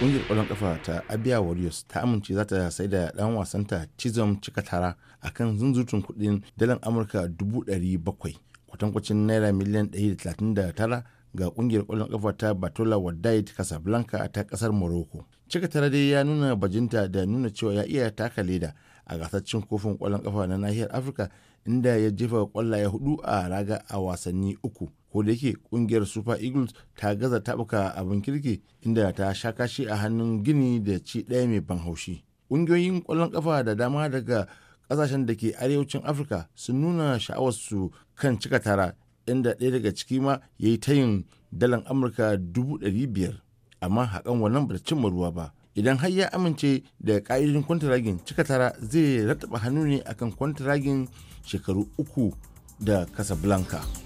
kungiyar kwallon kafa ta abia warriors ta amince za ta sai da dan wasanta cika tara a kan zunzutun kudin dalar amurka dubu 700,000 kwatankwacin naira miliyan 139 ga kungiyar kwallon kafa ta Batola Wadait Casablanca ta kasar Morocco. Cika tare dai ya nuna bajinta da nuna cewa ya iya taka leda a gasar cin kofin kwallon kafa na nahiyar Afirka inda ya jefa kwallaye hudu a raga a wasanni uku. Ko da yake kungiyar Super Eagles ta gaza tabuka abin kirki inda ta sha kashi a hannun Gini da ci ɗaya mai ban haushi. Ƙungiyoyin kwallon kafa da dama daga kasashen da ke arewacin afirka sun nuna sha'awarsu kan cika tara inda ɗaya daga ciki ma ya yi tayin dalan amurka dubu ɗari biyar amma haƙan wannan ba cimma ruwa ba idan har ya amince da ƙa'idojin kwantaragin cika tara zai rataɓa hannu ne akan kwantaragin shekaru uku da casablanca.